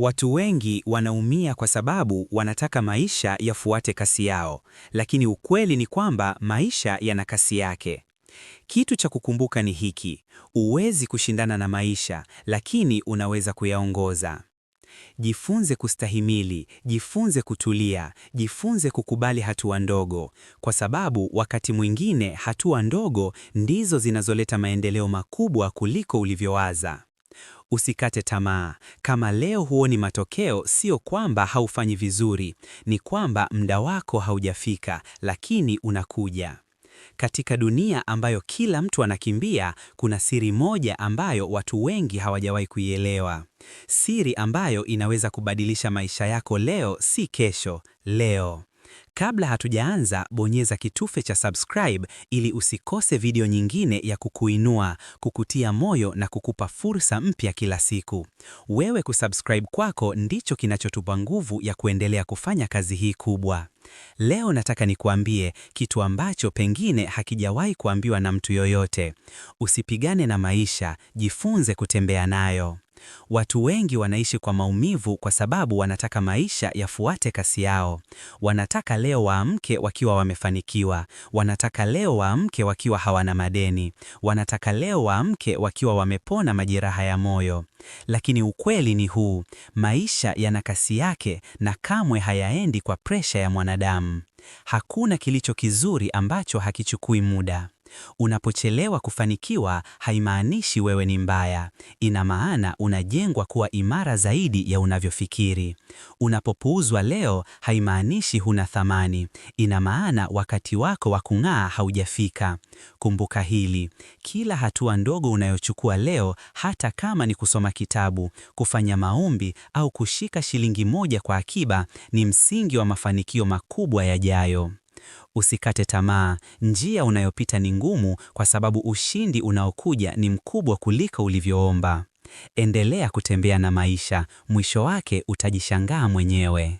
Watu wengi wanaumia kwa sababu wanataka maisha yafuate kasi yao, lakini ukweli ni kwamba maisha yana kasi yake. Kitu cha kukumbuka ni hiki: uwezi kushindana na maisha, lakini unaweza kuyaongoza. Jifunze kustahimili, jifunze kutulia, jifunze kukubali hatua ndogo, kwa sababu wakati mwingine hatua ndogo ndizo zinazoleta maendeleo makubwa kuliko ulivyowaza. Usikate tamaa. Kama leo huoni matokeo, sio kwamba haufanyi vizuri, ni kwamba muda wako haujafika, lakini unakuja. Katika dunia ambayo kila mtu anakimbia, kuna siri moja ambayo watu wengi hawajawahi kuielewa, siri ambayo inaweza kubadilisha maisha yako leo, si kesho, leo. Kabla hatujaanza, bonyeza kitufe cha subscribe ili usikose video nyingine ya kukuinua, kukutia moyo na kukupa fursa mpya kila siku. Wewe kusubscribe kwako ndicho kinachotupa nguvu ya kuendelea kufanya kazi hii kubwa. Leo nataka nikuambie kitu ambacho pengine hakijawahi kuambiwa na mtu yoyote. Usipigane na maisha, jifunze kutembea nayo. Watu wengi wanaishi kwa maumivu kwa sababu wanataka maisha yafuate kasi yao. Wanataka leo waamke wakiwa wamefanikiwa, wanataka leo waamke wakiwa hawana madeni, wanataka leo waamke wakiwa wamepona majeraha ya moyo. Lakini ukweli ni huu, maisha yana kasi yake na kamwe hayaendi kwa presha ya mwanadamu. Hakuna kilicho kizuri ambacho hakichukui muda. Unapochelewa kufanikiwa haimaanishi wewe ni mbaya. Ina maana unajengwa kuwa imara zaidi ya unavyofikiri. Unapopuuzwa leo haimaanishi huna thamani. Ina maana wakati wako wa kung'aa haujafika. Kumbuka hili. Kila hatua ndogo unayochukua leo, hata kama ni kusoma kitabu, kufanya maombi au kushika shilingi moja kwa akiba, ni msingi wa mafanikio makubwa yajayo. Usikate tamaa, njia unayopita ni ngumu, kwa sababu ushindi unaokuja ni mkubwa kuliko ulivyoomba. Endelea kutembea na maisha, mwisho wake utajishangaa mwenyewe.